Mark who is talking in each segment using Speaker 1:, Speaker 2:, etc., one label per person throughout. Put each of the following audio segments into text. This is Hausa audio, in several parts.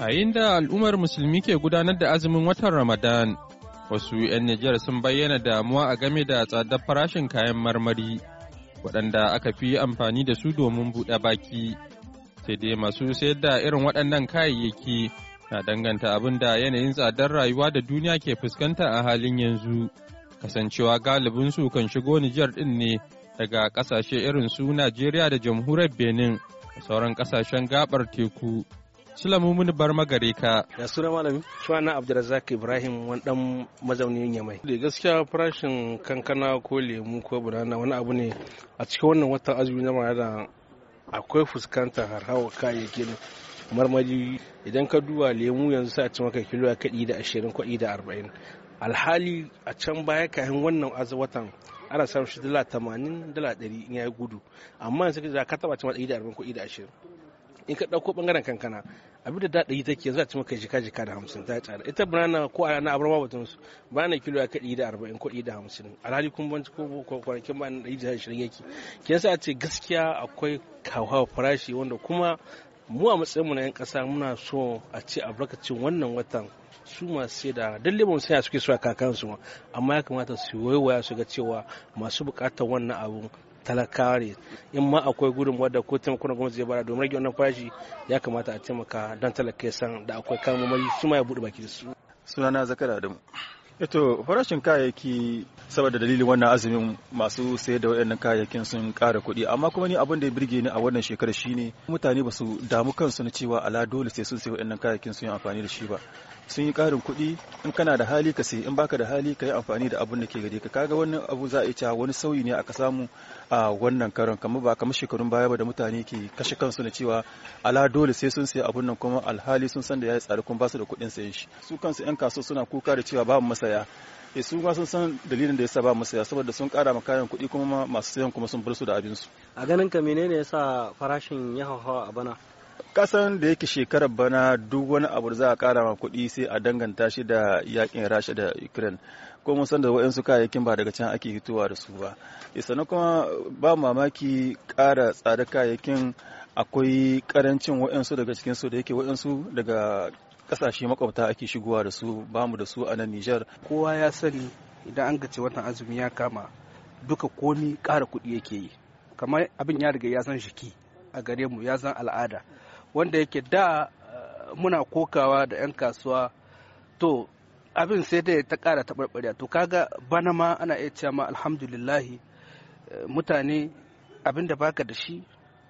Speaker 1: A inda al'ummar musulmi ke gudanar da azumin watan Ramadan, wasu 'yan Nijar sun bayyana damuwa a game da tsadar farashin kayan marmari, waɗanda aka fi amfani da su domin buɗe baki. Sai dai masu sayar da irin waɗannan kayayyaki na danganta abin da yanayin tsadar rayuwa da duniya ke fuskanta a halin yanzu, kasancewa galibin su kan shigo Nijar ɗin ne daga ƙasashe irin su Najeriya da jamhuriyar Benin da sauran ƙasashen gaɓar teku. Sulamu muni bar magare ka.
Speaker 2: Ya suna malami. Shuwana Abdulrazak Ibrahim wani dan mazaunin Yamai. Da gaskiya farashin kankana ko lemu ko banana wani abu ne a cikin wannan watan azumi na da akwai fuskantar harhawa kayayyakin marmari idan ka duba lemu yanzu sai a ci maka kilo a kaɗi da ashirin kwaɗi da arba'in alhali a can baya kayan wannan watan ana samun shi dala tamanin dala ɗari in ya gudu amma yanzu za ka taɓa ci maka ɗari da arba'in kwaɗi da ashirin in ka ɗauko ɓangaren kankana abin da daɗa take yanzu a maka jika jika da hamsin ta tsada ita banana ko a na abarba batun su na kilo ya kaɗi da arba'in ko da hamsin alhali kun banci ko kwanakin ba na ɗari da ashirin yake ke yasa a ce gaskiya akwai kawo farashi wanda kuma mu a matsayin mu na 'yan ƙasa muna so a ce a albarkacin wannan watan su masu da don liban saya suke so a kakansu amma ya kamata su waiwaya su ga cewa masu bukatar wannan abu talakawa ne in ma akwai gudun wadda ko taimakon gwamnati zai bara domin rage wannan farashi ya kamata a taimaka don talakai san da akwai kayan mamari su ma ya buɗe baki da su
Speaker 3: sunana adamu eto farashin kayayyaki saboda dalilin wannan azumin masu sayar da waɗannan kayayyakin sun ƙara kuɗi amma kuma ni abin da ya birge ni a wannan shekarar shine mutane ba su damu kansu na cewa ala dole sai sun sayi waɗannan kayayyakin sun yi amfani da shi ba sun yi karin kuɗi in kana da hali ka sai in baka da hali ka yi amfani da abun da ke gare ka kaga wannan abu za a iya cewa wani sauyi ne aka samu a wannan karon kamar ba kamar shekarun baya ba da mutane ke kashe kansu na cewa ala dole sai sun sayi abun nan kuma alhali sun san da ya yi tsari kuma ba da kuɗin sayan shi su kansu 'yan kasuwa suna kuka da cewa babu masaya e su ma sun san dalilin da yasa ba mu saya saboda sun kara makayan kayan kuɗi kuma masu sayan kuma sun bar su da abin su a ganin ka menene yasa farashin ya hauhawa a bana kasan da yake shekarar bana duk wani abu da za a kara ma kuɗi sai a danganta shi da yakin rasha da ukraine ko mun san da waɗansu kayayyakin ba daga can ake hitowa da su ba eh, na kuma ba mamaki kara tsada kayayyakin akwai ƙarancin waɗansu daga cikinsu da yake waɗansu daga ƙasashe makwabta ake shigowa da su bamu da su a nan nijar kowa ya sani idan an gace watan azumi ya kama duka
Speaker 2: komi ƙara kuɗi yake yi kamar abin ya riga ya san shiki a gare mu ya san al'ada wanda yake da eh, muna kokawa da 'yan kasuwa to abin sai dai ta ƙara taɓarɓarya to kaga bana ma ana iya cewa ma alhamdulillahi eh, mutane abin da baka da shi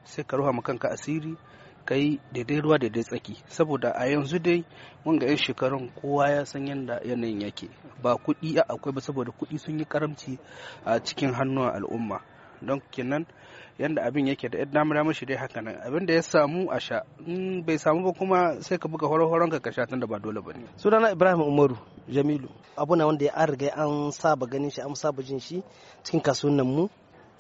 Speaker 2: sai ka ruha kanka asiri ka yi daidai ruwa daidai tsaki saboda a yanzu dai wanga 'yan shekarun kowa ya san yadda yanayin yake ba kuɗi akwai ba saboda kuɗi sun yi karamci a cikin hannun al'umma don kenan yadda abin yake da yadda damar shi dai haka nan abin da ya samu a sha bai samu ba kuma sai ka buga horon ka ka sha da ba dole ba bane
Speaker 4: sunana Ibrahim Umaru Jamilu abu wanda ya an riga an saba ganin shi an saba jin shi cikin kasuwannin mu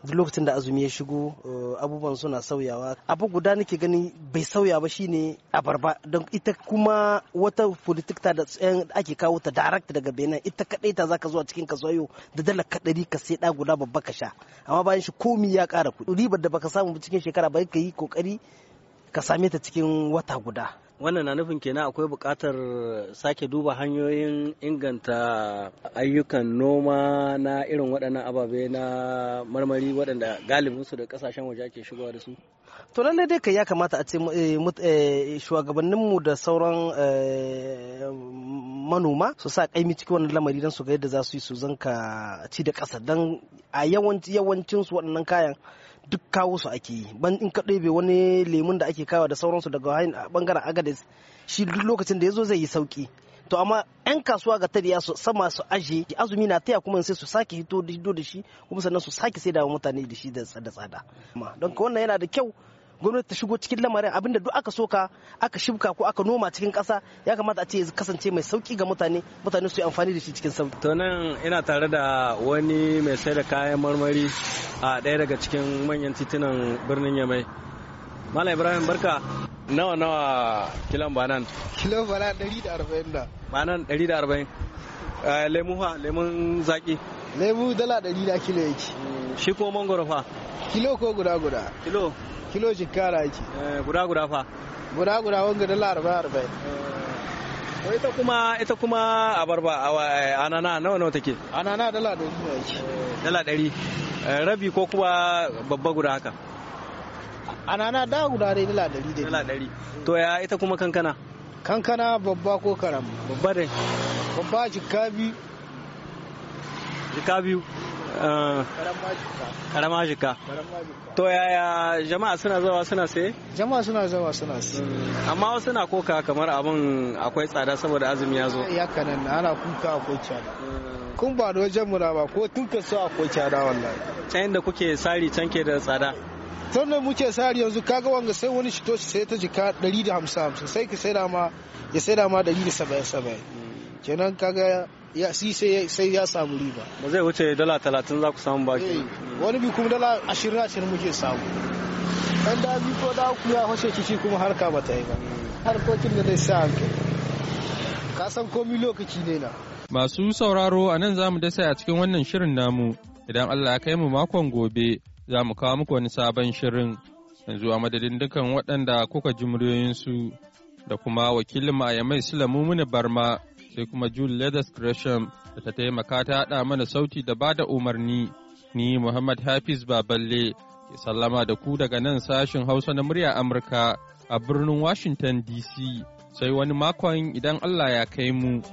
Speaker 4: duk lokacin da azumi ya shigo eh, abubuwan suna sauyawa abu guda nake gani bai sauya ba shine abarba don ita kuma wata politikta da ake kawo ta direct daga benin ita kadai ta zaka zuwa cikin kasuwayo da dala kadari ka sai da guda babba ka sha amma bayan shi komi ya kara kuɗi ribar da baka samu cikin shekara ba kai yi kokari ka same ta cikin wata guda
Speaker 5: wannan na nufin kenan akwai buƙatar sake duba hanyoyin inganta ayyukan noma na irin waɗannan ababe na marmari waɗanda galibinsu da ƙasashen waje ake shigowa da su
Speaker 4: to lallai dai kai ya kamata a ce eh, eh, shugabanninmu da sauran eh, manoma su sa kaimi cikin wannan lamari don su ga yadda za su yi su zanka ci da ƙasa don a yawancinsu waɗannan kayan duk kawo su ake yi ban in ka ɗebe wani lemun da ake kawo da sauransu daga hain bangaren agadis shi duk lokacin da ya zo zai yi sauki to amma 'yan kasuwa ga tariya su sama su aje azumi na taya kuma sai su sake hito da shi kuma sannan su sake sai da mutane da shi da tsada don ka wannan yana da kyau gwamnati ta shigo cikin lamarin abinda duk aka soka aka shibka ko aka noma cikin ƙasa ya kamata a ce ya kasance mai sauki ga mutane
Speaker 5: mutane su yi amfani da shi cikin sauki to nan ina tare da wani mai sai da kayan marmari a ɗaya daga cikin manyan titunan birnin yamai malam ibrahim barka nawa nawa kilon banan kilon banan dari da arba'in banan 140 eh, lemu ha lemun zaki lemu dala dari da kilo yake shi ko mangoro fa kilo ko guda guda kilo kilo shinkara yake eh, guda guda fa guda guda wanga dala arba'in arba'in eh, ita kuma ita kuma abarba eh, anana nawa nawa take anana dala ɗari ne yake dala dari. rabi ko kuwa babba guda haka anana da guda dai dala dari dai dala dari. to ya ita kuma kankana kankana babba ko karam babba dai babba jikka biyu biyu karama jika to yaya jama'a suna zawa suna saye jama'a suna zawa suna saye hmm. amma wasu na koka kamar abin akwai tsada saboda azumi ya zo ya eh, kanan ana kuka akwai tsada hmm. kun ba da wajen mura ba ko tun so akwai tsada wallahi can da kuke sari can ke da tsada tun da muke sari yanzu kaga wanga sai wani shito sai ta jika 150 sai ka sai da ma ya sai da ma hmm. 170 kenan kaga si sai ya samu riba ba zai wuce dala talatin za ku samu ba eh, wani bi kuma dala ashirin ashirin muke samu dan da bi ko da ku ya hoshe kici kuma harka ba ta yi ba harkokin da zai sa hankali ka san komi lokaci ne na
Speaker 1: masu sauraro a nan za mu dasa a cikin wannan shirin namu idan Allah ya kai mu makon gobe za mu kawo muku wani sabon shirin yanzu a madadin dukan waɗanda kuka ji muryoyinsu da kuma wakilin mu a Sulamu Muni Barma sai kuma Jules Leathers Gresham da ta taimaka ta haɗa mana sauti da ba da umarni. Ni Muhammad Hafiz Baballe ke sallama da ku daga nan sashin Hausa na murya Amurka a birnin Washington DC sai wani makon idan Allah ya kai mu.